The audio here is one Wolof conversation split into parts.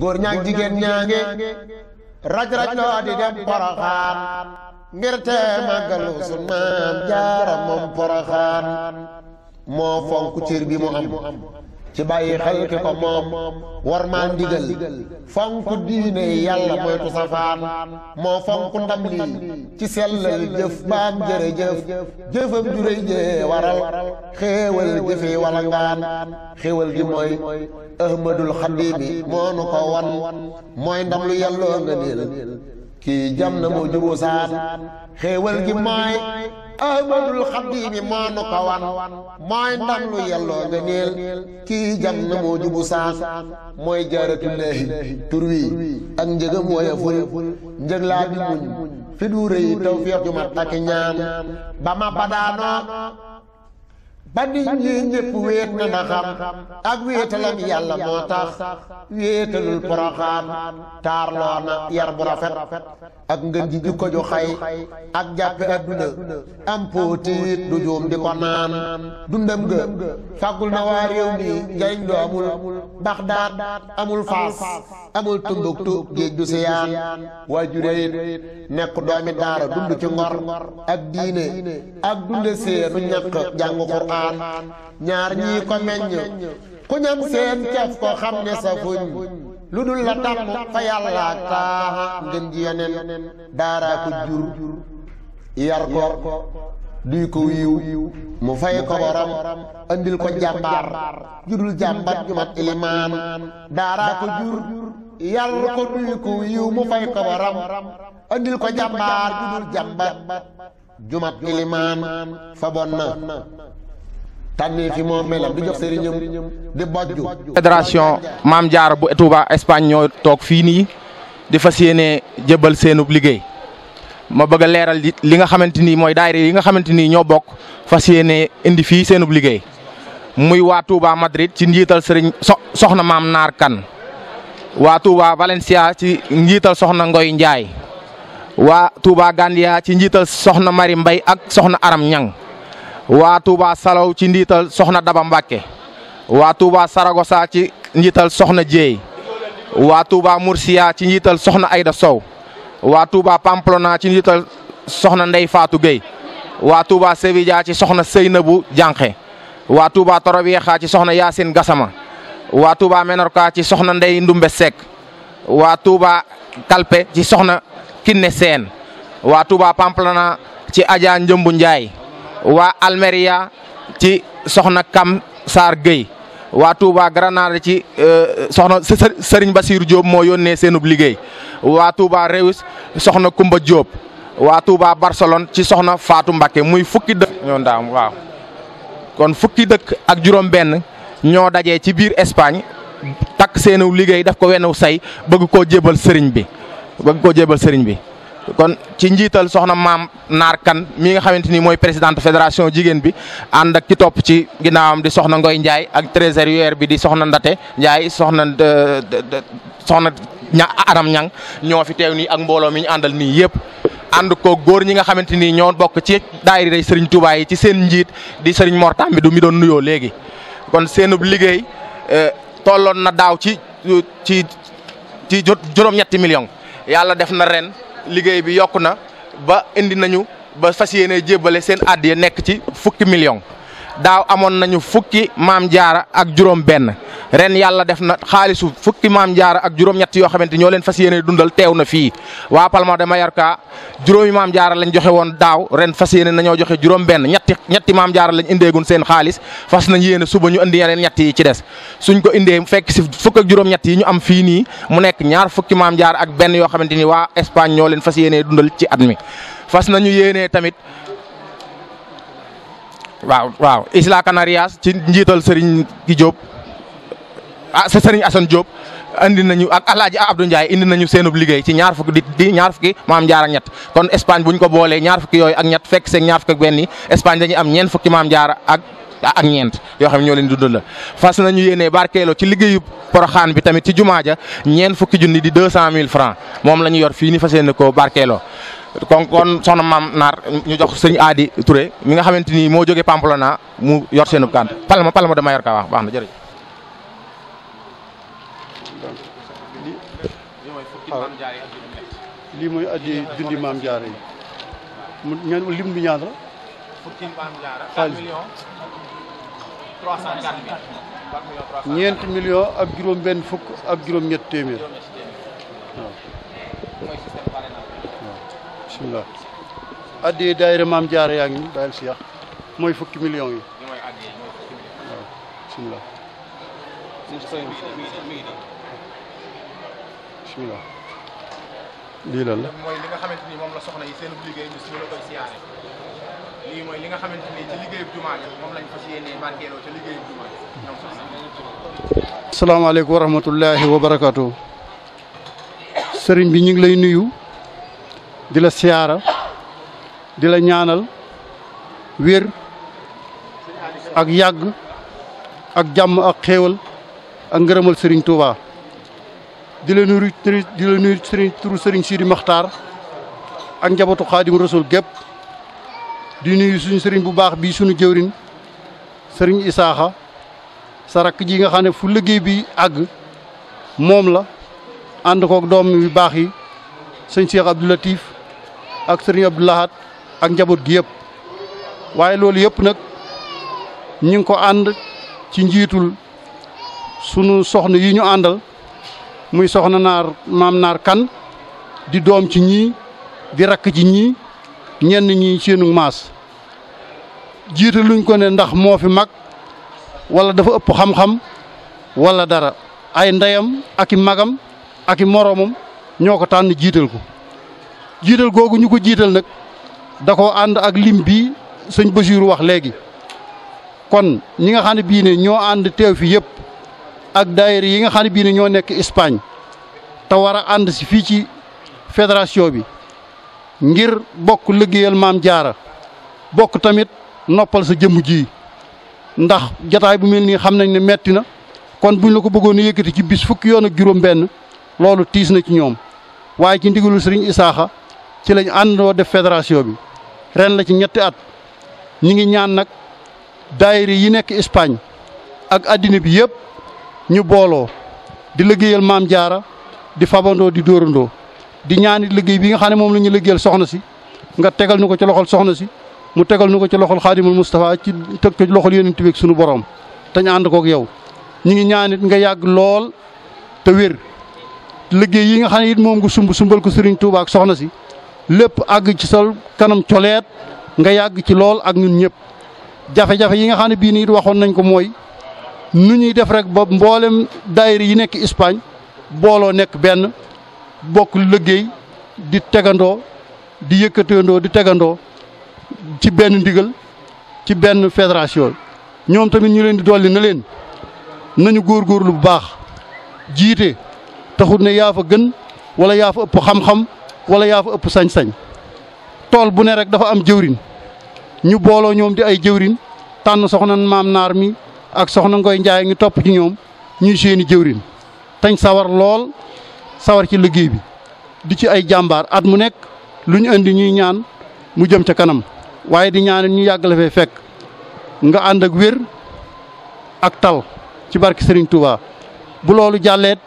góor ñaag jigéen ñaange raj-raj loo di dem poroxaan ngir te màggalu sun maam jaara moom poroxaan moo fonk cër bi mu am ci bàyyi xel ki ko moom war maa ndigal fonk diine yàlla moytu safaan moo fonk ndam lii ci sellal jëf baam jërëjëf jëfam juréy jee waral xéewal gi fi wala ngaan xéewal gi mooy moo nu ko wan mooy ndam lu yàlloo nga niil kii jam na moo juboo saan xéewal gi mooy ahmadul xaddiimi moo nu ko mooy ndam lu yelloo nga neel kii jam na moo jubu saas mooy jaaratullaahi tur ak njëgam wooya ful njëg laa bi muñ fi du rëy tawfiix ju mat ak ñaan ba ma badaanoo ba nit ñi ñëpp wéet na na xam ak wéetalam yàlla moo tax wéetalul poroxaan taarloo na yar bu rafet ak ngën jukko ju xay ak jàppe adduna am póotiit du juum di ko naan dundam ga fàggul na waa réew nii njariñ lu amul baxdaat amul faas amul tumbuktu géej du siyaan waa juréyit nekk doomi daara dund ci ngor ak diine ak dunda séenu ñàkk jàng quraan alxuraan ñaar ñii ko meññ ku ñam seen caf ko xam ne sa fuñ lu dul la fa yàlla ak taaxa ji yeneen daaraa ko jur yar ko duy ko wiiw mu fay ko borom andil ko jàmbaar judul jàmbat ju mat ilimaan daaraa ko jur yar ko duy ko wiiw mu fay ko borom andil ko jàmbaar judul jàmbat jumat ilimaan fa bon na tànnee fi moo melam Maam jaar bu Touba Espagne ñoo toog fii nii di fas yéene jëbal seenub liggéey ma bëgg leeral li nga xamante ni mooy daayira yi nga xamante ni ñoo bokk fas yéene indi fii seenub liggéey muy waa Touba Madrid ci njiital sëriñ soxna maam Naar Kan waa Touba Valencia ci njiital soxna Ngoy Njaay waa Touba Gandia ci njiital soxna Mari Mbay ak soxna Aram Ñang waa Touba Salaw ci ndiital soxna Daba Mbacke waa Touba Saragossa ci njiital soxna Dieye waa Touba Murcia ci njiital soxna Ayda Sow waa Touba Pamplona ci njiital soxna Ndey faatu Gueye waa Touba Sevilla ci soxna Seynabu Jànqe waa Touba Torobiexa ci soxna Yacine Gassama waa Touba Menorca ci soxna Ndey Ndumbe Seck waa Touba Kalpe ci soxna Kinne Seen waa Touba Pamplona ci Adja Njëmbu Ndiaye waa Almeria ci soxna Kam Saar Gueye waa Touba Granada ci euh, soxna Serigne Bassirou Diop moo yónnee seenub liggéey waa Touba Rewis soxna Kumba Diop waa Touba Barcelone ci soxna faatu Mbacké muy fukki dëkk ñoo ndaam waaw kon fukki dëkk ak juróom-benn ñoo dajee ci biir Espagne takk seenu liggéey daf ko wenu say bëgg koo jébal sëriñ bi bëgg koo jébal sëriñ bi kon ci njiital soxna maam Naar Kan mi nga xamante ni mooy présidente fédération jigéen bi ànd ak ki topp ci ginnaawam di soxna Ngoy Ndiaye ak trésorière bi di soxna Ndate Ndiaye soxna euh, soxna ña Aram Ñang ñoo fi teew nii ak mbooloo mi ñu àndal nii yëpp. ànd ko góor ñi nga xamante ni ñoo bokk ci daayira sëriñ Touba yi ci seen njiit di sëriñ mortam Tambi du mi doon nuyoo léegi kon seenub liggéey euh, toloon na daaw ci ci ci juróom-ñetti million yàlla def na ren. liggéey bi yokk na ba indi nañu ba fas yéene jébbale seen àddiya nekk ci fukki million daaw amoon nañu fukki maam jaara ak juróom benn ren yàlla def na xaalisu fukki maam jaara ak juróom ñetti yoo xamante ñoo leen fas yéene dundal teew na fii waa Palma ma Mallorca juróomi maam jaara lañ joxe woon daaw ren fas yéene nañoo joxe juróom benn ñetti ñetti maam jaara lañ indeegun seen xaalis fas nañ yéene suba ñu indi yeneen ñett yi ci des suñ ko indee fekk si fukk ak juróom-ñett yi ñu am fii nii mu nekk ñaar fukki maam jaara ak benn yoo xamante ni waa Espagne ñoo leen fas yéene dundal ci at mi waaw waaw Isla Canarias ci njiital Serigne ki Diop ah sa Serigne Assane Diop indi nañu ak a Hadj Abdou Ndiaye indi nañu seenub liggéey ci ñaar fukki di ñaar fukki maam jaar ak ñett kon Espagne bu ñu ko boolee ñaar fukki yooyu ak ñett fekk seen ñaar fukki ak benn Espagne dañuy am ñeent fukki maam jaar ak. ñeent yoo xam ne ñoo leen dundal la fas nañu yéene barkeeloo ci liggéeyu poroxaan bi tamit ci jumaa ja ñeent fukki junni di cent mille francs moom la ñu yor fii ni fas yéene ko barkeeloo kon kon soxna maam naar ñu jox sëñ Aadi Touré mi nga xamante ni moo jógee Pamplona mu yor seenub kànt Palma Palma de Mallorca wax baax na jërëjëf. lii mooy addi jundi maam jaare yi mu ñaan lim bi maam jaara 4 millions 304 ak juróom benn fukk ak juróom ñett téeméer bisimilah. addi daayira fukki millions yi. lii lan la. mooy li wa rahmatullahi sëriñ bi ñu ngi lay nuyu. di la siyaara di la ñaanal wér ak yàgg ak jàmm ak xéewal ak ngërëmal Serigne Touba di la nuyu di la turu Serigne Sidi Maxtaar ak njabootu Xaadim Rasul gépp di nuyu suñu sëriñ bu baax bii suñu jëwrin Serigne Isaaxa sa rakk ji nga xam ne fu liggéey bi àgg moom la ànd kook doom yu baax yi sëñ Cheikh Abdou Latif ak sëriñ Abdou ak njaboot gi yëpp waaye loolu yëpp nag ñi ngi ko ànd ci njiitul sunu soxna yi ñu àndal muy soxna naar maam naar kan di doom ci ñii di rakk ci ñii ñenn ñii seenu maas jiita luñ ko ne ndax moo fi mag wala dafa ëpp xam-xam wala dara ay ndeyam ak i magam ak i moroomam ñoo ko tànn jiital ko jiital googu ñu ko jiital nag da koo ànd ak lim bi sëñ Basiiru wax léegi kon ñi nga xam ne bii ne ñoo ànd teew fi yëpp ak daayira yi nga xam ne bii ne ñoo nekk Espagne te war a ànd si fii ci fédération bi ngir bokk liggéeyal maam jaara bokk tamit noppal sa jëmmu ji ndax jataay bu mel nii xam nañ ne metti na kon buñ la ko bëggoon a yëkkati ci bis fukki yoon ak juróom benn loolu tiis na ci ñoom waaye ci ndigalul sëriñ Isaaxa ci lañ àndoo def fédération bi ren la ci ñetti at ñi ngi ñaan nag daayira yi nekk Espagne ak àddina bi yëpp ñu booloo di liggéeyal maam jaara di fabandoo di dóorandoo di ñaanit liggéey bi nga xam ne moom la ñu liggéeyal soxna si nga tegal ñu ko ci loxol soxna si mu tegal ñu ko ci loxol xaadimul Moustapha ci teg ko ci loxol yonent bi ak sunu borom te ñu ànd kook yow ñu ngi ñaanit nga yàgg lool te wér liggéey yi nga xam ne it moom nga sumb sumbal ko Serigne Touba ak soxna si lépp àgg ci sol kanam coleet nga yàgg ci lool ak ñun ñëpp jafe-jafe yi nga xam ne bii nii waxoon nañ ko mooy nu ñuy def rek ba mboolem daayira yi nekk Espagne booloo nekk benn bokk liggéey di tegandoo di yëkkatandoo di tegandoo ci benn ndigal ci benn fédération ñoom tamit ñu leen di dolli na leen nañu góorgóorlu bu baax jiite taxut na yaa gën wala yaa ëpp xam-xam. wala yaa ëpp sañ-sañ tool bu ne rek dafa am jëwrin ñu booloo ñoom di ay jëwrin tànn soxna maam naar mi ak soxna Ngoy Njaay ngi topp ci ñoom ñuy seeni jëwrin tañ sawar lool sawar ci liggéey bi di ci ay jàmbaar at mu nekk lu ñu indi ñuy ñaan mu jëm ca kanam waaye di ñaan ñu yàgg la fekk nga ànd ak wér ak tal ci barke Serigne Touba bu loolu jàlleet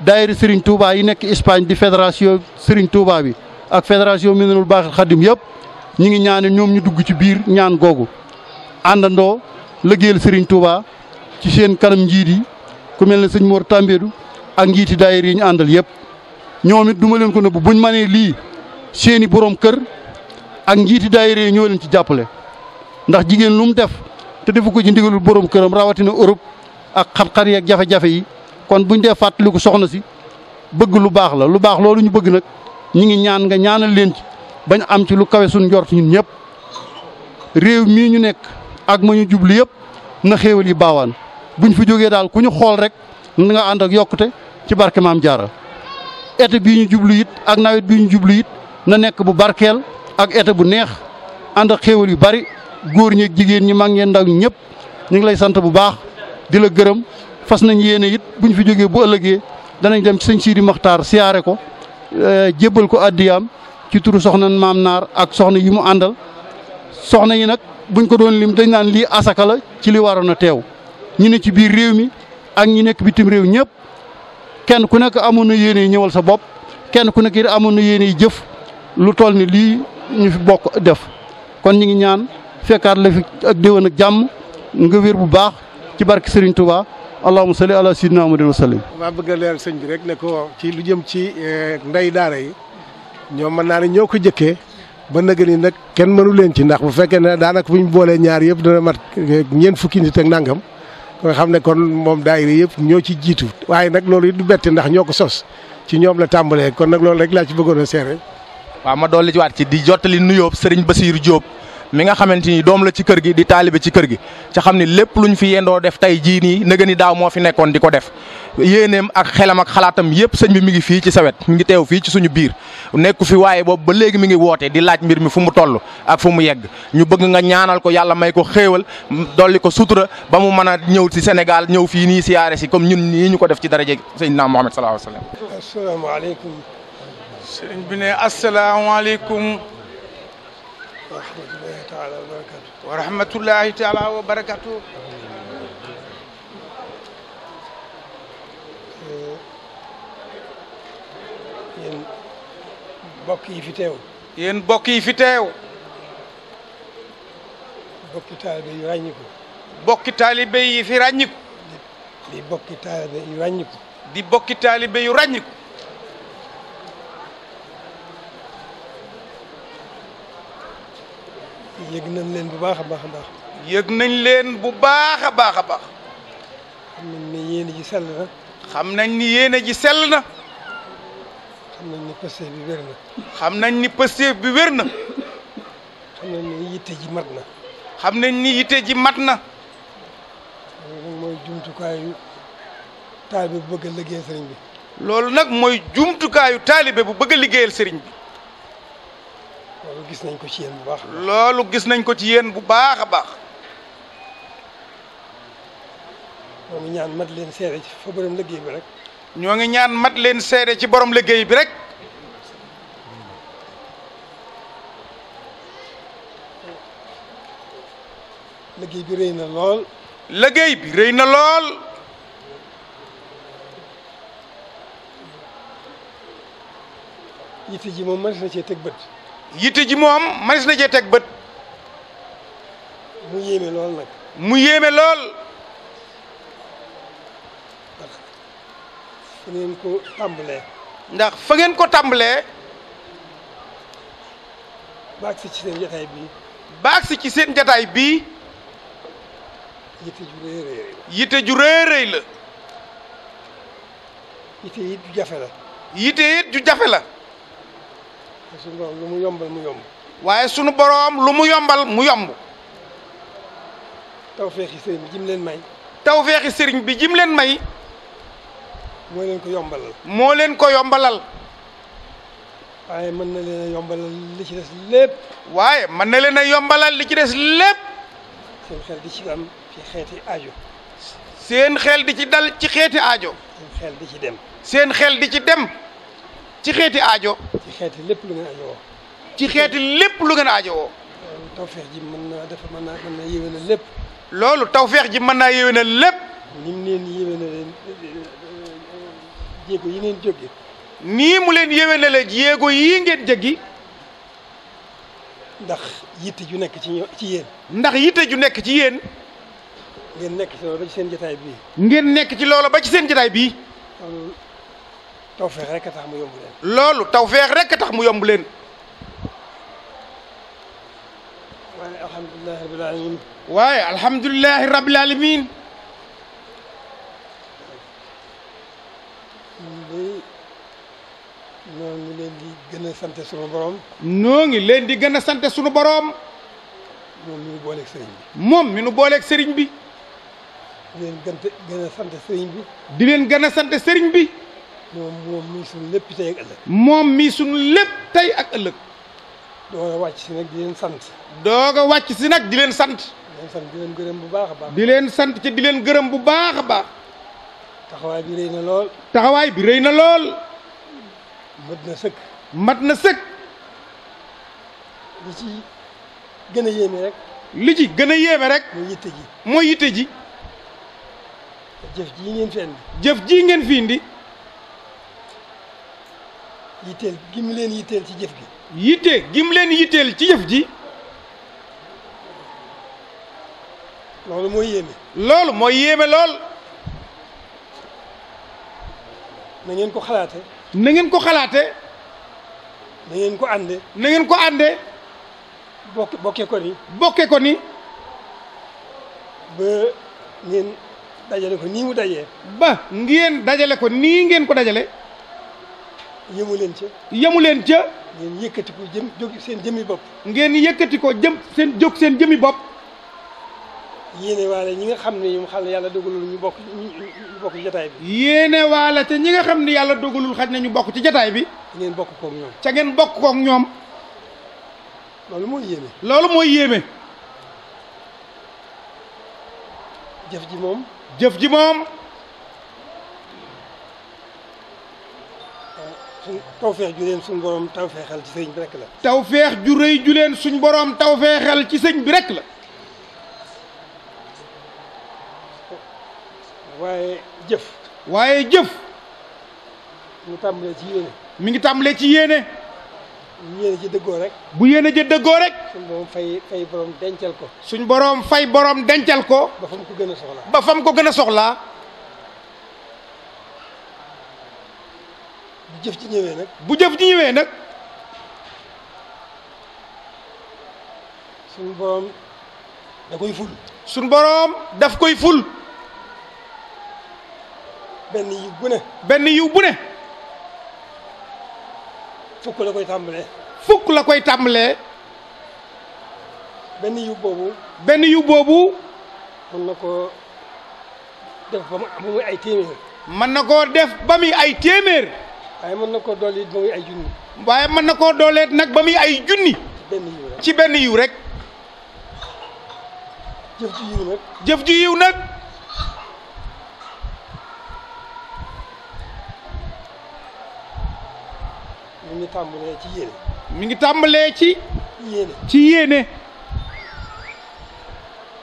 daayira Serigne Touba yi nekk Espagne di fédération Serigne Touba bi ak fédération Minanul Baaxil Xadim yëpp ñu ngi ñaane ñoom ñu dugg ci biir ñaan googu àndandoo liggéeyal Serigne Touba ci seen kanam njiit yi ku mel ne sëñ moor Tambédou ak njiiti daayira yi ñu àndal yëpp ñoom it duma leen ko nëbb buñ mënee lii seeni borom kër ak njiiti daayira yi ñoo leen ci jàppale ndax jigéen lu def te defu ko ci ndigalul borom këram rawatina Europe ak xat-xat yeeg jafe-jafe yi kon bu ñu dee fàttaliku soxna si bëgg lu baax la lu baax loolu ñu bëgg nag ñi ngi ñaan nga ñaanal leen ci bañ am ci lu kawe suñ njort ñun ñëpp réew mii ñu nekk ak ma ñu jublu yëpp na xéewal yi baawaan buñ fi jógee daal ku ñu xool rek na nga ànd ak yokkute ci barke maam jaara été bii ñu jublu yit ak nawet bii ñu jublu yit na nekk bu barkeel ak été bu neex ànd ak xéewal yu bari góor ñeeg jigéen ñi mag ñee ndaw ñëpp ñu ngi lay sant bu baax di la gërëm fas nañ yéene it ñu fi jógee bu ëllëgee danañ dem ci sëñ Sidi Maxtaar siyaare ko euh, jébbal ko addiyaam ci turu soxna maam naar ak soxna yi mu àndal soxna yi nag buñ ko doon lim dañ naan lii asaka la ci li waroon a teew ñu ne ci biir réew mi ak ñu nekk bitim réew ñëpp kenn ku nekk amoon na yéene ñëwal sa bopp kenn ku nekk it amoon na yéene jëf lu tool ni lii ñu fi bokk def kon ñu ngi ñaan fekkaat la fi ak déwén ak jàmm nga wér bu baax ci barke Serigne allahumma salli ala sayyidina muhammadin wa sallim. maa bëgg a leeral sëñ bi rek ne ko ci lu jëm ci eh, ndey daara yi ñoom mën naa ne ñoo ko jëkkee ba nag ni nag kenn mënu leen ci ndax bu fekkee ne daanaka bu ñu boolee ñaar yëpp dana mat eh, ñeent fukki nit ak nangam nga xam ne kon moom daayira yëpp ñoo ci jiitu. waaye nag loolu it du bett ndax ñoo ko sos ci ñoom la tàmbalee kon nag loolu rek laa ci bëggoon a seere. waaw ma dolli ci waat ci di jottali nuyoo Serigne Bassirou Diop mi nga xamante ni doom la ci kër gi di taalibe ci kër gi ca xam ni lépp luñ fi yendoo def tey jii nii nëgë ni daaw moo fi nekkoon di ko def yéeneem ak xelam ak xalaatam yëpp sëñ bi mi ngi fii ci sawet mi ngi teew fii ci suñu biir nekku fi waaye boobu ba léegi mi ngi wootee di laaj mbir mi fu mu toll ak fu mu yegg ñu bëgg nga ñaanal ko yàlla may ko xéewal dolli ko sutura ba mu mën a ñëw ci senegal ñëw fii nii siyaare si comme ñun nii ñu ko def ci daraje Seydina Muhammad sallallahu alayhi wa sallam asalaamaaleykum sëñ bi ne taala wa barakatu wa rahmatullahi eh, yi fi teew yéen bokk yi fi teew bokki taalibe yu ràññiku bokki taalibe yi fi ràññiku di bokki taalibe yu ràññiku di bokki taalibe yu ràññiku yëg nañ leen bu baax a baax a baax. yëg nañ leen bu baax a baax a baax. xam nañ ne yéene ji sell na. xam nañ ni yéene ji sel na. xam nañ ni pësteef bi wér na. xam nañ ni pësteef bi wér na. xam nañ ni yitte ji mat na. xam nañ ni yitte ji mat na. loolu nag mooy jumtukaayu taalibe bu bëgg a bi. loolu nag mooy jumtukaayu taalibe bu bëgg liggéeyal sëriñ bi. loolu gis nañ ko ci yéen bu baax loolu gis nañ ko ci yéen bu baax a baax. ñoo ngi ñaan mat leen seere ci fa borom liggéey bi rek. ñoo ngi ñaan mat leen seere ci borom liggéey bi rek. liggéey bi rëy na lool. liggéey bi rëy na lool. yitte ji moom mënees na cee teg bët. yitte ji moom manis na cee teg bët. mu yéeme lool nag. mu yéeme lool. ndax ko tàmbalee. ndax fa ngeen ko tàmbalee. baag si ci seen jataay bii. baag si ci seen jataay bii. yitte ju rëy rëy la. yitte ju rëy jafe la. yitte it ju jafe la. suñu borom lu mu yombal mu yomb. waaye suñu borom lu mu yombal mu yomb. tawféexi sëriñ bi jim leen may. tawféexi sëriñ bi jim leen may. moo leen ko yombalal. moo leen ko yombalal. waaye mën na leen a yombalal li ci des lépp. waaye mën na leen a yombalal li ci des lépp. seen xel di ci am ci xeeti aajo. seen xel di ci dal ci xeeti aajo. seen di ci dem. seen xel di ci dem. ci xeeti aajo. ci xeeti lépp lu ngeen aajowoo. ci xeeti lépp lu ngeen aajowoo. loolu tawfeex ji mën naa def mën naa mën naa yéwénal lépp. loolu tawfeex ji mën naa yéwénal lépp. ni mu leen yéwénalee jéego yi ngeen jógee. nii mu leen yéwénalee jéego yii ngeen jéggi. ndax yitte ju nekk ci ñoom ci yéen. ndax yitte ju nekk ci yéen. ngeen nekk ci loolu ba ci seen jotaay bii. ngeen nekk ci loolu ba ci seen jotaay bii. tawfeex rek tax mu yomb leen. loolu tawfeex rek tax mu yomb leen. waaye alhamdulilah rabil aalamiin. waaye alhamdulilah rabil aalamiin. ñoo ngi leen di gën a sant sunu borom. ñoo ngi leen di gën a sant sunu borom. moom mi nu booleeg sëriñ bi. moom mi nu booleeg sëriñ bi. di leen gën a sant sëriñ bi. di leen gën a sant sëriñ bi. moom moom mii suñu lépp tey ak ëllëg. moom mii sunu lépp tey ak ëllëg. doog wàcc si nag di leen sant. doog a wàcc si nag di leen sant. di leen gërëm bu baax a baax. di leen sant ci di leen gërëm bu baax a baax. taxawaay bi rëy na lool. taxawaay bi rëy na lool. mat na sëkk. mat na sëkk. li ci gën a yéeme rek. li ci gën a yéeme rek. mooy yitte ji mooy yitte ji. jëf jii ngeen fi indi. ngeen fi yitteel gi leen yitteel ci jëf gi yitte gi leen yitteel ci jëf ji loolu mooy yéeme loolu mooy yéeme lool na ngeen ko xalaate na ngeen ko xalaate na ngeen ko ànde na ngeen ko ànde bokke bokke ko ni bokke ko ni ba ngeen dajale ko nii mu dajee ba ngeen dajale ko nii ngeen ko dajale yëmu leen ca. yëmu leen ca. ngeen yëkkati ko jëm jóg seen jëmmi bopp. ngeen yëkkati ko jëm seen jóg seen jëmmi bopp. yéene waale ñi nga xam ne ñoom xal yàlla dogalul ñu bokk bokk ci jataay bi. yéene waale te ñi nga xam ne yàlla dogalul xaj na ñu bokk ci jataay bi. ngeen bokk kook ñoom. ca ngeen bokk kook ñoom. loolu mooy yéeme. loolu mooy yéeme. jëf ji moom. jëf ji moom. su tawfeex ju leen suñ borom tawfeexal ci sëñ bi rekk la. tawfeex ju rëy ju leen suñ borom tawfeexal ci sëñ bi rek la. waaye jëf. waaye jëf. mu tàmbalee ci yéene. mi ngi tàmbalee ci yéene. bu ji dëggoo rek. bu yéene ji dëggoo rek. suñ borom fay fay borom dencal ko. suñ borom fay borom dencal ko. ba ko gën a soxla ba fam ko gën a soxlaa. bu jëf ji ñëwee nag. bu jëf ji ñëwee nag. suñ boroom da koy ful. suñ boroom daf koy ful. benn yiw bu ne. benn yiw bu ne. fukk la koy tàmbalee. fukk la koy tàmbalee. benn yiw boobu. benn yiw boobu. mën na koo def ba mu ay téeméer. mën na koo def ba muy ay téeméer. waaye mën na koo dooleet ay junni. waaye mën na koo dooleet nag ba muy ay junni. ci benn yiw rek. jëf ju jëf ju yiw nag. mi ngi tàmbalee ci yéene. mi ngi tàmbalee ci. yéene ci yéene.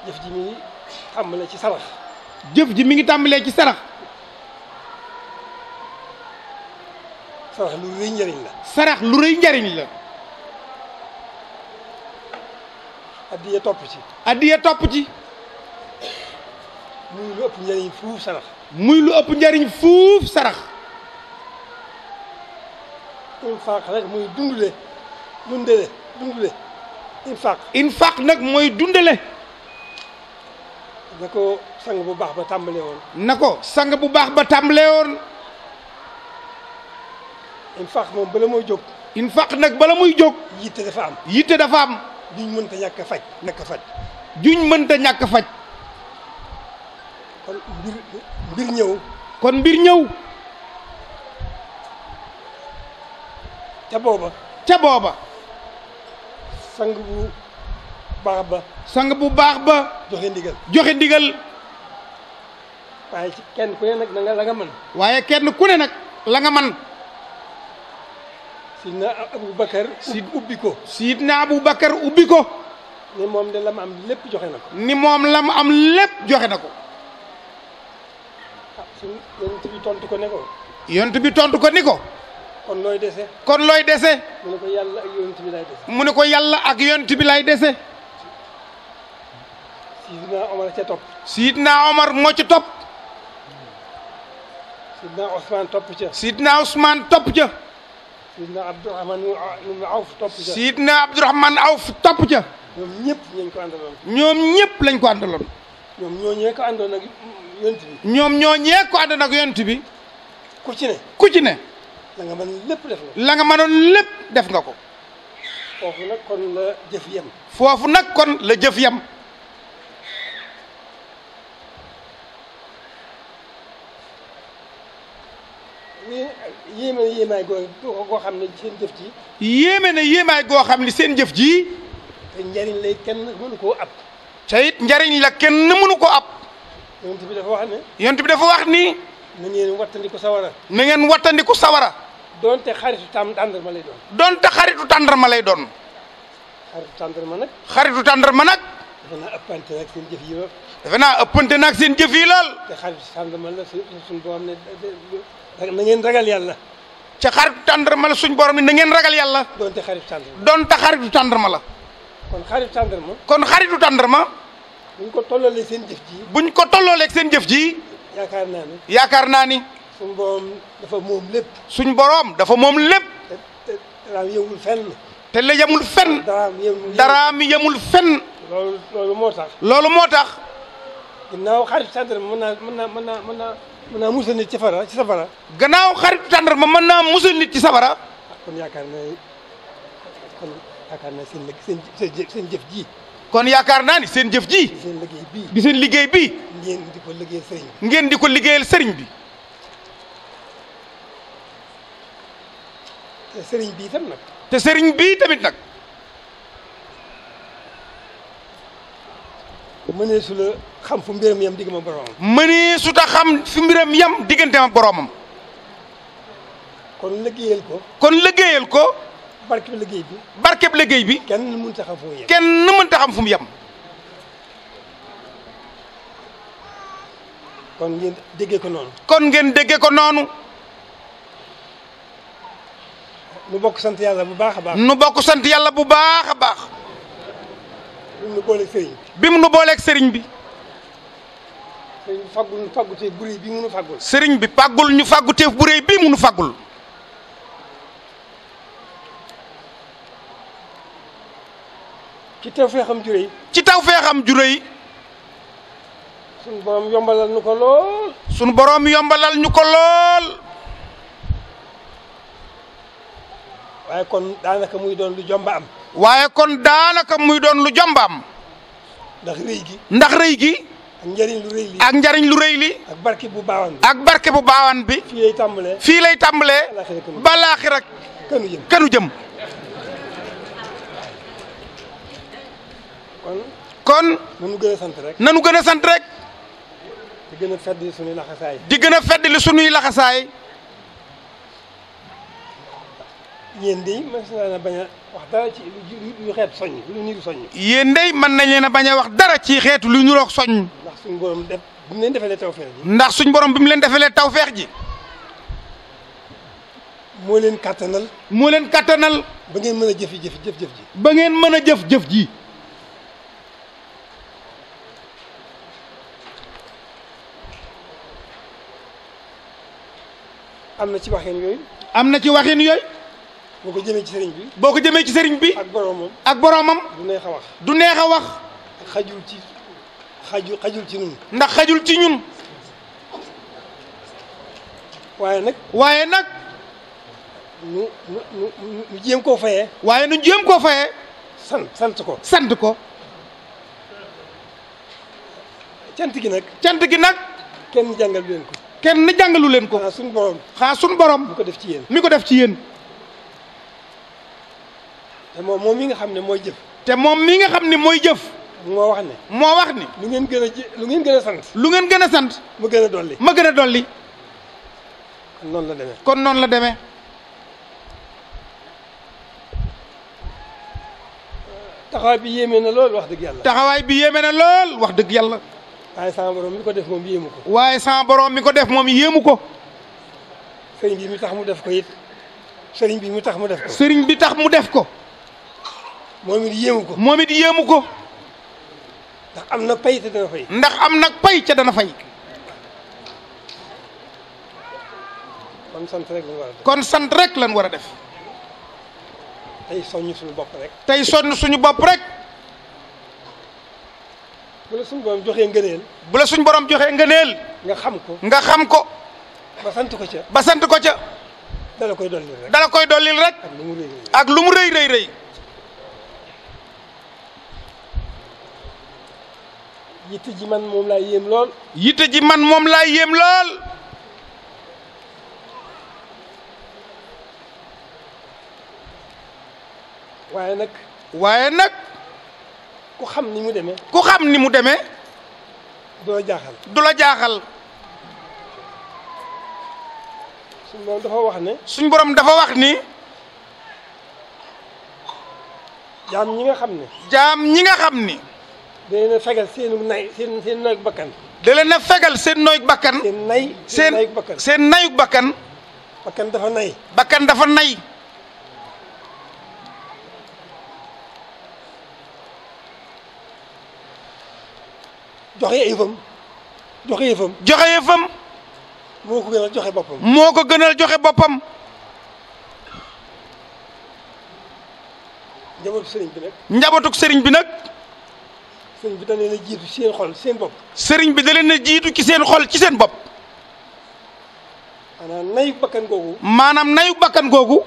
jëf ji mi ngi tàmbalee ci sarax. jëf ji mi ngi tàmbalee ci sarax. sarax lu rëy njariñ la. sarax lu rëy njariñ la. addiya topp ci. addiya topp ci. muy lu ëpp njariñ fuuf sarax. muy lu ëpp njariñ fuuf sarax. infaq rek muy dundale dundale dundale nag mooy dundale. na ko sang bu baax ba tàmbalee woon. na ko sang bu baax ba tàmbalee woon. infaq moom bala mooy jóg. infaq nag bala muy jóg. yitte dafa am. yitte dafa am. juñ mënta ñàkk faj ñàkk a faj. juñ mënta ñàkk faj. kon mbir mbir ñëw. kon mbir ñëw. ca booba. ca booba. sang bu baax ba. sang bu baax ba. joxe ndigal joxe ndigal. waaye kenn ku ne nag la nga mën. waaye kenn ku ne nag la nga mën. sidna Abu Bakar. si ubbi ko. sidna Abu Bakar ubbi ko. ni moom de la am lépp joxe na ko. ni moom la am lépp joxe na ko. ah bi tontu ko ne bi tontu ko ni ko. kon looy dese. kon looy dese. mu ne ko yàlla ak yonent bi lay dese. mu ne ko yàlla ak yonent bi lay dese. sidna Omar ca topp. sidna Omar moo ci topp. sidna Ousmane ca. sidna Abdourahman Awf topp ca. sidna Abdourahman Awf topp ca. ñoom ñëpp lañ ko àndaloon. ñoom ñëpp lañ ko àndaloon. ñoom ñooñee ko àndoon ak yont bi. ñoom ñooñee ko àndoon ak yont bi. ku ci ne. ku ci ne. la nga mën lépp def nga. ko. foofu nag kon la jëf yam foofu nag kon la jëf yem. yéeme na yéemaay goo xam ne seen jëf ji. yéeme na yéemaay goo xam ni seen jëf ji. te njariñ lay kenn mënu koo ab. te it njariñ la kenn mënu koo ab. yonent bi dafa wax ne. yonent bi dafa wax ni. na wattandiku sawara. na ngeen wattandiku sawara. donte xaritu tam tàndarma lay doon. donte xaritu tàndarma lay doon. xaritu tàndarma nag. xaritu tàndarma dafa naa ëppante nag seen jëf yi lool. dafa naa ëppante nag seen jëf yi lool. te la suñ borom ne na ngeen ragal yàlla. ca xarit tàndarma la suñ borom ne na ngeen ragal yàlla. donte xarit tàndarma donte xaritu tàndarma la. kon xaritu tàndarma. kon ko tolloolee seen jëf buñ ko tolloolee seen jëf ji. yaakaar naa ni. naa ni. suñ borom dafa moom lépp. suñ borom dafa moom lépp. te te daraam yemul fenn. te la yemul fenn. daraam loolu moo tax. loolu moo tax. ginnaaw xaritu tàndarma mën naa mën naa mën naa mën naa mën naa musal nit ci safara ci safara. gannaaw xaritu tàndarma mën naa musal nit ci safara. kon yaakaar naa kon yaakaar seen seen seen jëf ji. kon yaakaar naa ni seen jëf ji. di seen liggéey bii di liggéey bii. ngeen di ko liggéeyal sëriñ bi. ngeen di ko liggéeyal sëriñ bi. bii tam nag. te sëriñ bi tamit nag. mënee su la xam fu mbiram yam diggante ma boromam. mënee su ta xam fu mbiram yam diggante ma boroomam kon liggéeyal ko. kon liggéeyal ko. barkeb liggéey bi. barkeb liggéey bi. kenn mënut a xam fu mu yem. kenn mënut fu mu yem. kon ngeen déggee ko noonu. kon ngeen déggee ko noonu. nu bokk sant yàlla bu baax a baax. nu bokk sant yàlla bu baax a baax. bi mu nu sëriñ bi. bi mu nu sëriñ bi. sëriñ faggul ñu fagguteef bu rëy bii mu nu faggul. sëriñ bi faggul ñu fagguteef bu rëy bii mu nu faggul. ci taw fee xam jure ci taw fee xam jure yi. sunu yombalal ñu ko lool. sunu borom yombalal ñu ko lool. waaye kon daanaka muy doon lu jomba am. waaye kon daanaka muy doon lu jombaam. ndax rëy gi. ndax rëy gi. ak njariñ lu rëy li ak njariñ lu rëy ak barke bu baawaan bi ak barke fii lay tàmbalee fii lay balaaxi rek kanu jëm kanu jëm. kon. kon. nanu gën a sant rek. nanu gën a sant rek. di gën a fedd li sunuy di gën a fedd li sunuy laxasaay. yéen dey mën bañ a wax dara ci lu xeetu nañ leen a bañ a wax dara ci xeetu lu niroog soññ. ndax suñ borom def bi mu leen defalee tawfeex ji. ndax suñ borom bi mu leen defalee tawfeex ji. moo leen kattanal. moo leen kattanal. ba ngeen mën a jëf jëf jëf ji. ba ngeen mën a jëf jëf ji. am na ci waxin yooyu. am na ci waxin yooyu. boo ko jëmee ci sëriñ bi. boo ko jëmee ci sëriñ bi. ak boromam ak boromam. du neex a wax du neex a wax. xajul ci xaju xajul ci ndax xajul ci ñun. waaye nag. waaye nag. nu nu koo fayee. waaye nu jéem koo fayee. sant sant ko. sant ko. cant gi nag. cant gi nag. kenn jàngalu leen ko. kenn jàngalu leen ko. xanaa sunu borom. sunu borom. mi ko def ci yéen mi ko def ci yéen. te moom moom mi nga xam ne mooy jëf. te moom mi nga xam ne mooy jëf. moo wax ne. moo wax ni. lu ngeen gën a ji lu ngeen gën a sant. lu ngeen gën a sant. ma gën a dolli. ma gën a dolli. kon la demee. kon noonu la demee. taxawaay bi yéeme na lool wax dëgg yàlla. taxawaay bi yéeme na lool wax dëgg yàlla. waaye sama borom mi ko def moom yéemu ko. waaye sama borom mi ko def moom yéemu ko. sëriñ bi mi tax mu def ko it. sëriñ bi mi tax mu def sëriñ bi tax mu def ko. moom it yéemu ko. moom it yéemu ko. ndax am na pay ca dana fay. ndax am nag pay ca dana fay. kon sant rek lan war def. kon sant rek lan war a def. tey soññ suñu bopp rek. tey soññ suñu bopp rek. bu la suñu borom joxee ngëneel. bu suñu borom joxee ngëneel. nga xam ko nga xam ko. ba sant ko ca. ba sant ko ca. dala koy dollil rek. dala koy dollil rek. ak lu mu ak lu mu rëy rëy rëy. yitte ji man moom laa yéem lool. yitte ji man moom laa yéem lool. waaye nag. waaye nag. ku xam ni mu demee. ku xam ni mu deme du la jaaxal du la jaaxal. suñ borom dafa wax ne. suñ borom dafa wax ni. jaam ñi nga xam ne. jaam ñi nga xam ni. da leen a fegal seen seen nayu bakkan. da leen a fegal seen nayu bakkan. seen nay seen nayu bakkan seen dafa nay. bakkan dafa nay. joxe yëfam. joxe yëfam. joxe yëfam. moo ko gënal joxe boppam. moo ko gënal joxe boppam. njabootu sëriñ bi sëriñ bi nag. sëriñ bi da leen a jiitu seen xol seen bopp. sëriñ bi da leen a jiitu ci seen xol ci seen bopp. maanaam nayu bakkan googu. maanaam nayu bakkan googu.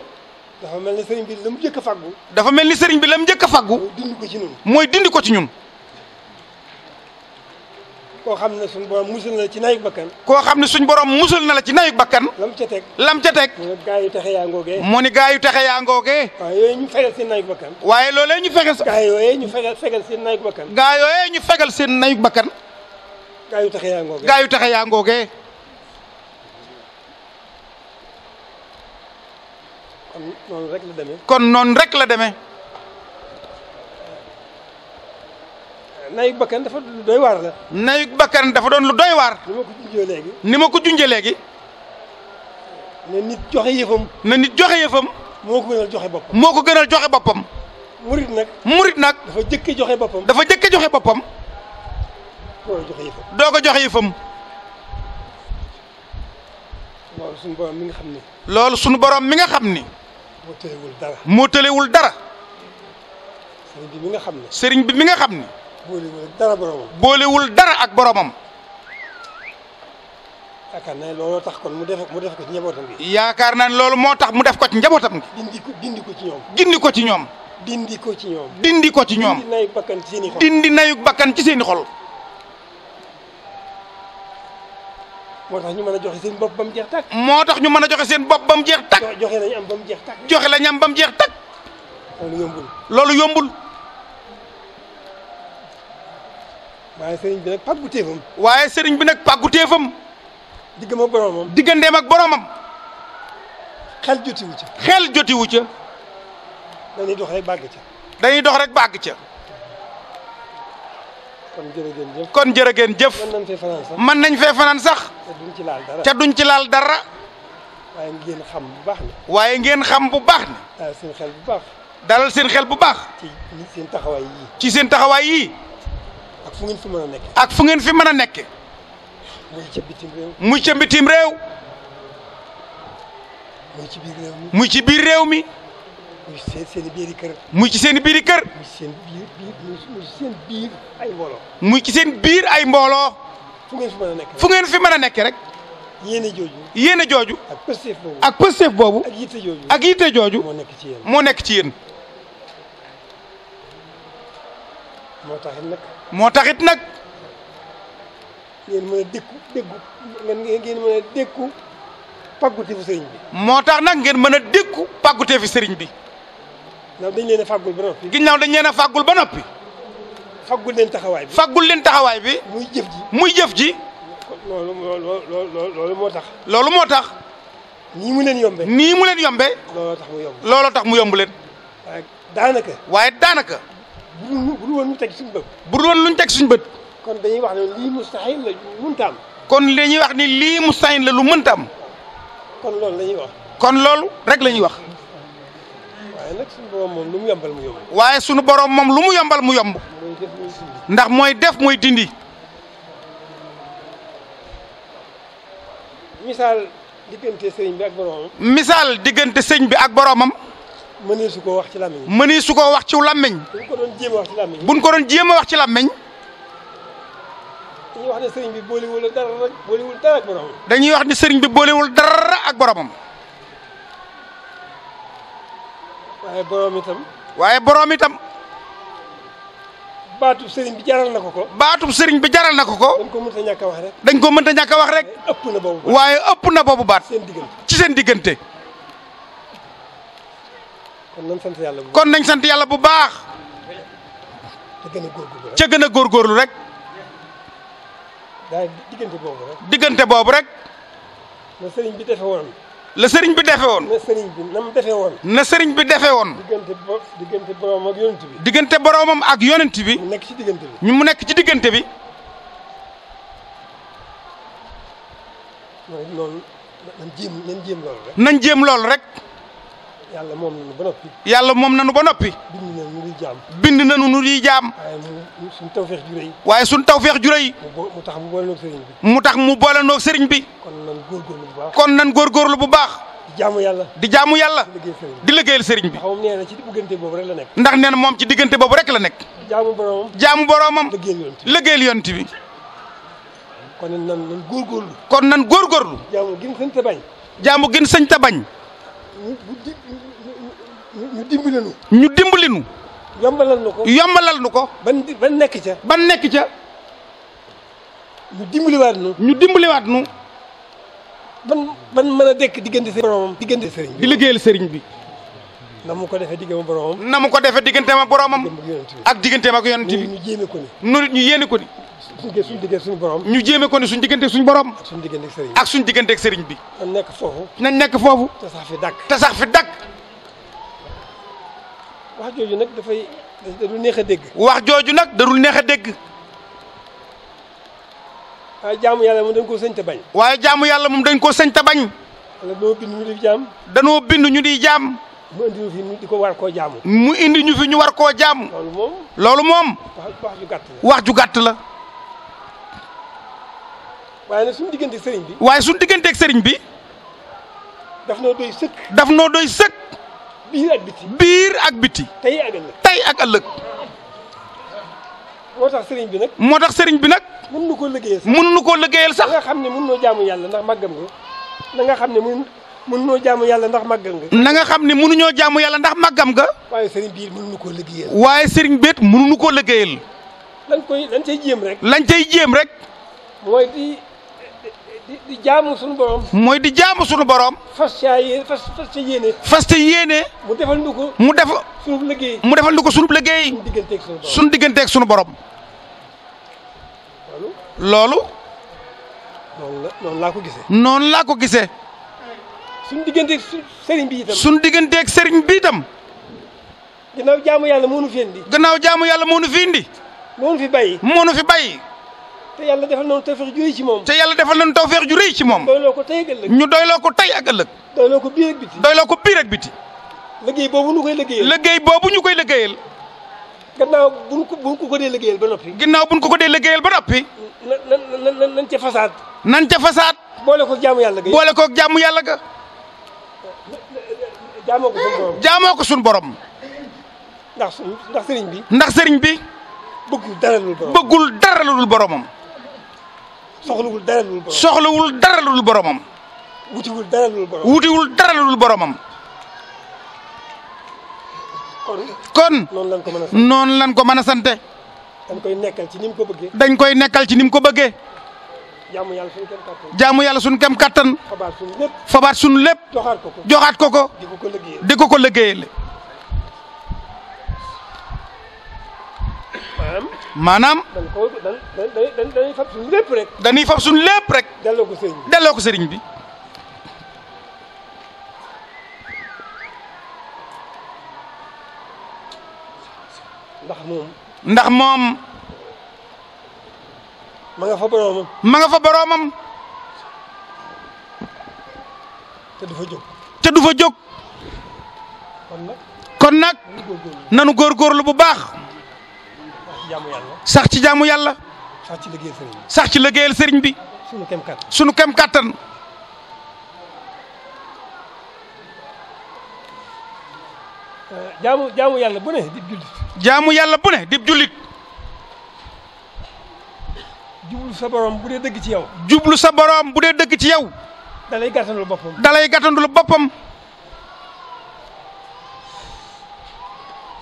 dafa mel ni sëriñ bi la mu njëkk faggu. dafa mel ni sëriñ bi la mu njëkk a faggu. mooy dindi ko ci ñun. mooy dindi ko ci ñun. koo xam ne suñ borom musal na la ci nayu bakkan koo xam ne suñ borom musal na la ci nayu bakkan lam ca teg lam ca teg mu ni gaa texe yaa ngoogee mu gaa yu texe yaa waaye yooyu ñu fegal seen nayu bakkan waaye loolee ñu fegal ñu fegal fegal seen nayu bakkan gaa yooyee ñu fegal seen nayu bakkan gaa yu texe yaa ngoogee yu texe yaa ngoogee kon noonu rek la demee kon noonu rek la deme nayuk bakkan dafa lu la. nayuk dafa doon lu doy waar. ni ma ko junjee léegi. ni ma ko junjee léegi. na nit joxe yëfam. na nit joxe yëfam. moo ko gënal joxe boppam. moo ko gënal joxe boppam. murit nag. murit nag. dafa jëkk joxe boppam. dafa jëkk joxe boppam. doo ko joxe yëfam. loolu sunu borom mi nga xam ni. loolu sunu borom mi nga xam ni. moo tëlewul moo tëlewul dara. sëriñ bi mi nga xam ni. sëriñ bi mi nga xam ni. boolewul dara boromam. boolewul dara ak boromam. yaakaar naa ne looloo tax kon mu ko ci njabootam gi. yaakaar ne loolu moo tax mu def ko ci njabootam gi. dindi ko dindi ko ci ñoom. dindi ko ci ñoom. dindi ko ci ñoom. dindi ko ci ñoom. dindi nayuk bakkan ci seeni xol. dindi nayuk bakkan ci seeni xol. moo tax ñu mën a joxe seen bopp ba mu jeex tàkk. moo tax ñu mën a joxe seen bopp ba mu jeex joxe lañu am ba mu jeex tàkk. joxe lañu am ba mu jeex loolu yombul. waaye sëriñ bi nag pàggu téefam. waaye sëriñ bi nag pàggu téefam. diggam ak boromam. digganteem ak boromam. xel jotiwu ca. xel jotiwu ca. dañuy dox rek bàgg ca. dox rek bàgg ca. kon jërëgeen jëf kon jërëgeen jëf. mën nañ fee fanaan sax mën nañ fee fanaan sax. te ci laal dara te duñ ci laal dara. waaye ngeen xam bu baax ne. waaye ngeen xam bu baax ne. dalal seen xel bu baax. dalal seen xel bu baax. ci seen taxawaay ci seen taxawaay yii. fu ngeen fi mën a nekkee. ak fu ngeen fi mën a nekkee. muy ca bitim réew. muy ca bitim réew. muy ci biir réew mi. muy ci biir réew mi. muy ci seen biiri kër. muy ci seen biiri kër. muy ci seen biir muy ci seen biir ay mbooloo. muy ci seen biir ay mbooloo. fu ngeen fi mën a nekkee fu ngeen fi mën a nekkee rek. yéene jooju. yéene jooju. ak pësteef boobu ak pësteef boobu. ak yitte jooju ak yitte jooju. moo nekk ci yéen moo nekk ci yéen. moo tax nag. moo taxit nag. ngeen mën a dékku déggu ngeen sëriñ bi. moo tax nag ngeen mën a dékku pàgguteefu sëriñ bi. ginnaaw dañ leen a fàggul ba noppi. ginnaaw dañ leen fàggul ba noppi. fàggul leen taxawaay bi. fàggul leen taxawaay bi. muy jëf ji jëf ji. loolu moo tax. loolu moo tax. nii mu leen yombe nii mu leen yombe looloo tax mu yomb tax mu yomb leen. waaye daanaka. waaye daanaka. bu dul woon luñ teg suñu bët. bu dul woon luñ teg suñu bët. kon dañuy wax ne lii mustahil la mënta am. kon la lu mënta am. kon loolu la ñuy kon loolu rek lañuy wax. waaye suñu borom moom lu mu yombal mu yomb. waaye suñu borom moom lu mu yombal mu yomb. ndax mooy def mooy dindi. misaal diggante sëñ misaal diggante sëñ bi ak boromam. mënee su koo wax ci làmmiñ. mënee su wax ci làmmiñ. buñ ko doon jéem a wax ci làmmiñ. buñ ko doon jéem wax ci làmmiñ. dañuy wax ne sëriñ bi boolewul dara ak boromam. dañuy wax ne sëriñ bi boolewul dara ak boromam. waaye borom itam. waaye borom itam. baatub sëriñ bi jaral na ko ko. baatub sëriñ bi jaral na ko ko. dañ ko mënta ñàkk wax dañ ko mënta ñàkk a wax rek. ëpp na boobu waaye ëpp na boobu baat. ci seen diggante. kon nañ sant yàlla bu kon nañ sant yàlla bu baax. ca gën a góorgóorlu rek ca gën a góorgóorlu rek. daa diggante boobu rek. diggante boobu rek. la sëriñ bi defe woon. la sëriñ bi defe woon. na sëriñ bi na mu defe woon. na sëriñ bi defe woon. diggante bo diggante boromam ak yonent bi. diggante boromam ak yonent bi. mu nekk ci diggante bi. mu nekk ci diggante bi. loolu nañ jéem nañ jéem loolu nañ jéem loolu rek. yàlla moom nañu ba noppi. yàlla moom nañu ba noppi. bind nañu nu ñuy jaam. bind nañu nu ñuy jaam. waaye mu suñ tawfeex jure waaye suñ tawfeex jure yi. mu tax mu boole noog sëriñ bi. mu tax mu boole noog sëriñ bi. kon nan góorgóorlu bu kon nan góorgóorlu bu baax. di jaamu yàlla. di jaamu yàlla. di liggéeyal sëriñ bi. ndax moom ci diggante boobu rek la nekk. ndax nee moom ci diggante boobu rek la nekk. jaamu boromam. jaamu boromam. liggéeyal yonent bi kon nan góor góorgóorlu. kon nan góor jaamu gin ta bañ. jaamu gin sëñ ta bañ ñu dimbali nu. ñu dimbali nu. yombalal nu ko yombalal nu ko. ban ban nekk ca. ban nekk ca. ñu dimbaliwaat nu. ñu dimbaliwaat nu. ban ban mën a dekk diggante sëriñ boromam diggante sëriñ bi. di liggéeyal sëriñ bi. na mu ko defee digganteem ak boromam. na mu ko defee digganteem ma boromam. ak digganteem ak yonent bi. ñu yéene ko ni. ñu yéene ko ni. ñu jéeme ko ne suñ diggante suñ borom ak suñ diggante ak sëriñ bi nañ nekk foofu nañ nekk foofu te sax fi dakk te sax fi dakk wax jooju nag dafay darul neex a dégg wax jooju nag darul neex a dégg waaye jaamu yàlla moom dañ koo sëñ te bañ waaye jaamu yàlla moom dañ koo sëñ bañ danoo bind ñu di jaam danoo bind ñu di jaam mu indi ñu fi ñu war koo jaamu mu indi ñu fi koo jaamu loolu moom wax ju gàtt la waaye nag suñu sëriñ bi. waaye suñu digganteeg sëriñ bi. daf noo doy sëkk. daf noo doy sëkk. biir ak biti. biir ak biti. tey ak ëllëg ak ëllëg. moo tax sëriñ bi nag. moo tax sëriñ bi nag. mënuñu koo liggéeyal sax mënuñu koo liggéeyal sax. nga xam ne mënunoo jaamu yàlla ndax màggam nga. na nga xam ne mënu mënunoo jaamu yàlla ndax màggam nga. na nga xam ne mënuñoo jaamu yàlla ndax màggam nga. waaye sëriñ bi it mënuñu koo liggéeyal. waaye sëriñ bi it koo liggéeyal. lañ koy lañ cay jéem rek. lañ cay jéem rek. di jaamu sunu borom. mooy di jaamu sunu borom. fas caa yéene fas fas ca yéene. fas ca yéene. mu defal nu ko. def sunu liggéey. mu defal nu ko sunu liggéey. sunu digganteeg sunu borom sunu loolu. noonu laa ko gisee. noonu laa ko gise sunu digganteeg sëriñ bi itam. sunu digganteeg sëriñ bi itam. gannaaw jaamu yàlla moo nu fi indi. gannaaw jaamu yàlla moo nu fi moo nu fi bay te yàlla defal nañu tawfeex ju ci moom. te yàlla defal nañu tawfeex ju rëy ci moom. ko tey ak ëllëg. ñu doyloo ko tey ak ëllëg. doyloo ko biir ak biti. doyloo ko biir ak biti. liggéey boobu ñu koy liggéeyal. liggéey boobu ñu koy liggéeyal. gannaaw buñ ko buñ ko ko dee liggéeyal ba noppi. gannaaw buñ ko ko dee liggéeyal ba noppi. na na na nañ ca fasaad. nañ ca fasaad. boole koog jaamu yàlla ga. boole koog jaamu yàlla ga. ko suñu borom. ko suñu borom. ndax ndax sëriñ bi. ndax sëriñ bi. bëggul dara lu dul boromam. soxlawul dara boromam soxlawul dara lu boromam. wutiwul dara lu boromam wutiwul dara lu boromam. kon noonu lan ko mën a sante dañ koy nekkal ci ni ko bëggee. dañ koy nekkal ci ni ko bëggee. jaamu yàlla suñu kem kattan. yàlla suñu kem kattan. fabaat suñu lépp. fabaat joxaat ko ko joxaat ko ko. di ko ko ko ko liggéeyal. maanaam. maanaam. dañuy fab suñu lépp rek. dañuy fab suñu lépp rek. delloo ko sëriñ bi delloo ko sëriñ bi. ndax moom. ndax moom. ma nga fa boroomam. ma nga fa boroomam. te du fa jóg. te du fa jóg. kon nag. kon nag nanu góorgóorlu bu baax. sax ci jaamu yàlla. sax ci liggéeyal sëriñ bi. sax ci liggéeyal sëriñ bi. sunu kem kattan sunu kem kattan. Euh, jaamu jaamu yàlla bu ne dib jullit. yàlla bu ne dib jullit. jublu sa bu dee dëgg ci yow. jublu sa borom bu dee dëgg ci yow. dalay gàttandul boppam dalay gàttandul boppam.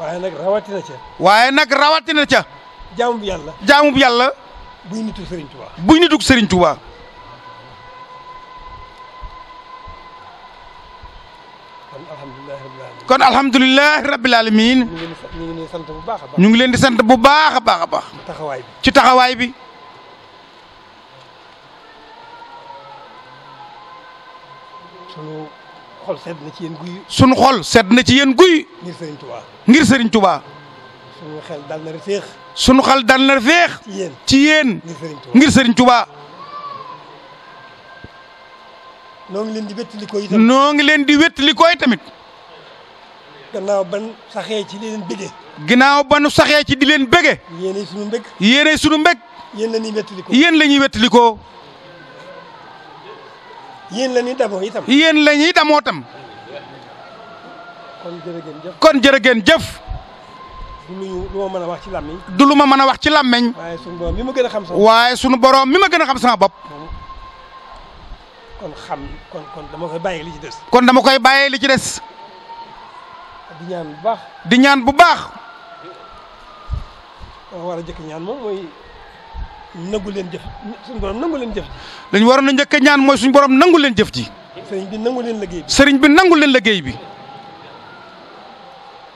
waaye nag rawatina ca. waaye nag rawatina ca. jaamu bu yàlla. jaamu bu yàlla. buy nitu Serigne Touba. buy nitu Serigne Touba. kon alhamdulilah rabbil alamin ñu ngi leen di sant bu baax a baax. ñu ngi leen di sant bu baax a baax baax. ci taxawaay bi ci taxawaay bi. xol sedd na ci yéen guy. sunu xol sedd na ci yéen guy. ngir Serigne Touba. ngir sëriñ Touba. sunu xel dal na féex. sunu xel dal na féex. ci yéen ci yéen. ngir sëriñ Touba. noo ngi leen di wétali ko itam ngi leen di wétali ko tamit. gannaaw ban saxee ci di leen bëggee. gannaaw ban saxee ci di leen bëggee. yéenay sunu mbëgg. yéenay sunu mbëgg. yéen la ñuy wétali ko yéen la ñuy wétali ko. yéen la ñuy damoo itam. yéen la ñuy damoo tam. kon jërëgeen jëf kon jëf. du lu ma mën a wax ci làmmiñ. du lu ma mën a wax ci làmmiñ. waaye sunu borom mi ma gën a xam sama. waaye sunu borom mi ma gën a xam sama bopp. kon xam kon kon dama koy bàyyee li ci des. kon dama koy bàyyee li ci des. di ñaan bu baax. di ñaan bu baax. war a jëkk nangu leen jëf suñu borom nangu leen jëf ji lañ waroon njëkk ñaan mooy suñu borom nangu leen jëf ji sëriñ bi nangu leen liggéey sëriñ bi nangu leen liggéey bi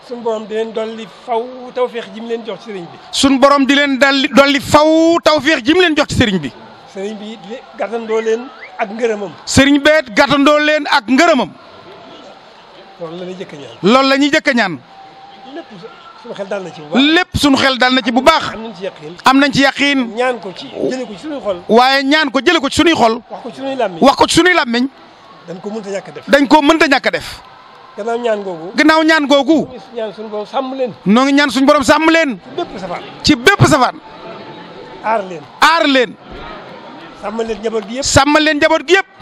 suñu borom di leen dolli faw tawféex ji mu leen jox ci sëriñ bi suñu borom di leen dolli dolli faw tawféex ji leen jox ci sëriñ bi sëriñ bi leen ak ngërëmam sëriñ beet gàttandoo leen ak ngërëmam loolu la ñuy jëkk ñaan la ñuy jëkk a ñaan lépp suñu xel dal na ci bu baax am nañ ci yaqiin ñaan ko ko ci suñuy waaye ñaan ko jëlee ko ci suñuy xol wax ko ci suñuy làmmiñ dañ ko mënta ñàkk a def dañ ko mënta ñàkk def gannaaw ñaan googu gannaaw ñaan googu ñaan suñu borom sàmm leen noo ngi ñaan suñu borom sàmm leen ci bépp safaan aar leen aar leen sàmm leen njaboot gi yëpp sàmm leen njaboot gi yëpp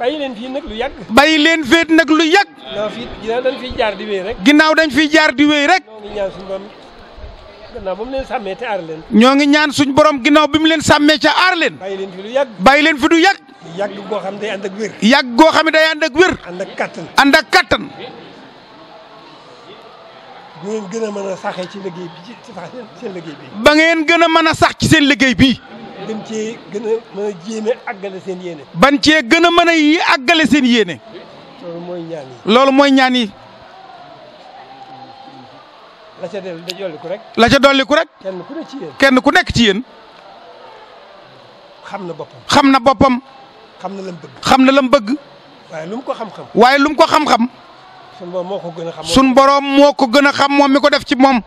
bàyyi leen fii nag lu yàgg. leen feet nag lu yàgg. ginnaaw fii ginnaaw jaar di rek. ginnaaw dañ fiy jaar di wéy rek. ñoo ngi ñaan suñu borom ginnaaw ba te aar leen. ñoo ngi ñaan suñu borom ginnaaw bi mu leen sàmmee ca aar leen. bàyyi leen fi lu yàgg. bàyyi leen fi du yàgg. yàgg goo xam day ànd yàgg goo xam day ànd ak wér. ànd ak kattan. ànd kattan. ba ngeen gën a mën a ci liggéey ba ngeen gën a mën a sax ci seen liggéey bi gën cee gën a mën a jéeme seen yéene. ban cee gën a mën a yi àggale seen yéene. loolu mooy ñaan loolu mooy ñaani yi. la ca dolli ku rek. la ca dolli ku rek. kenn ku nekk ci yéen. kenn ku nekk ci yéen. xam na boppam. xam na boppam. xam na lam bëgg. xam na lam bëgg. waaye lu mu ko xam-xam. waaye lu ko xam-xam. sunu moo ko gën a xam. sunu borom moo ko gën a xam moom mi ko def ci moom.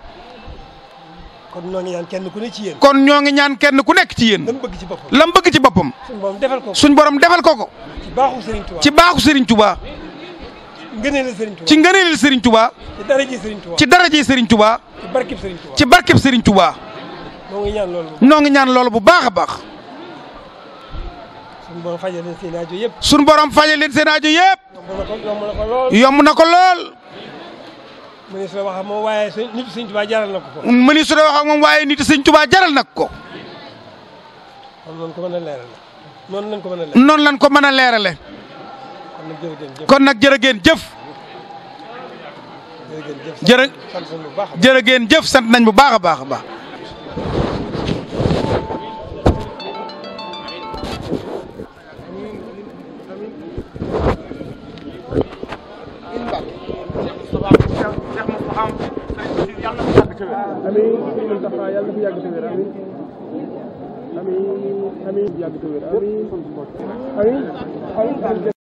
kon ñoo ngi ñaan kenn ku ñaan kenn ku nekk ci yéen. lam bëgg ci boppam lam bëgg ci boppam. suñ borom defal ko suñ borom defal ko ko. ci baaxu Serigne Touba ci baaxu Serigne Touba. ngëneelal Serigne Touba ci ngëneelal Serigne Touba. ci daraje Serigne Touba ci daraje Serigne ci barkeb sëriñ Touba ci barkeb Serigne Touba. noo ngi ñaan loolu. noo ngi ñaan loolu bu baax a baax. suñ borom fajal leen seen aajo yëpp. suñ borom fajal leen seen aajo mënees na wax ak moom waaye nit sëñ Tuubaa jaral na ko ko. mënees na wax ak moom waaye nit sëñ Tuubaa jaral na ko. noonu lañ ko mën a leerale. noonu ko mën a leerale. noonu a leerale. kon nag jërë ngeen jëf. jërë jërë ngeen jëf sant nañ bu baax a baax a baax. yàlla na fi yàgg ci wér. amiin amiin yàlla na fi yàgg ci wér amiin amiin amiin yàgg ci wér amiin amiin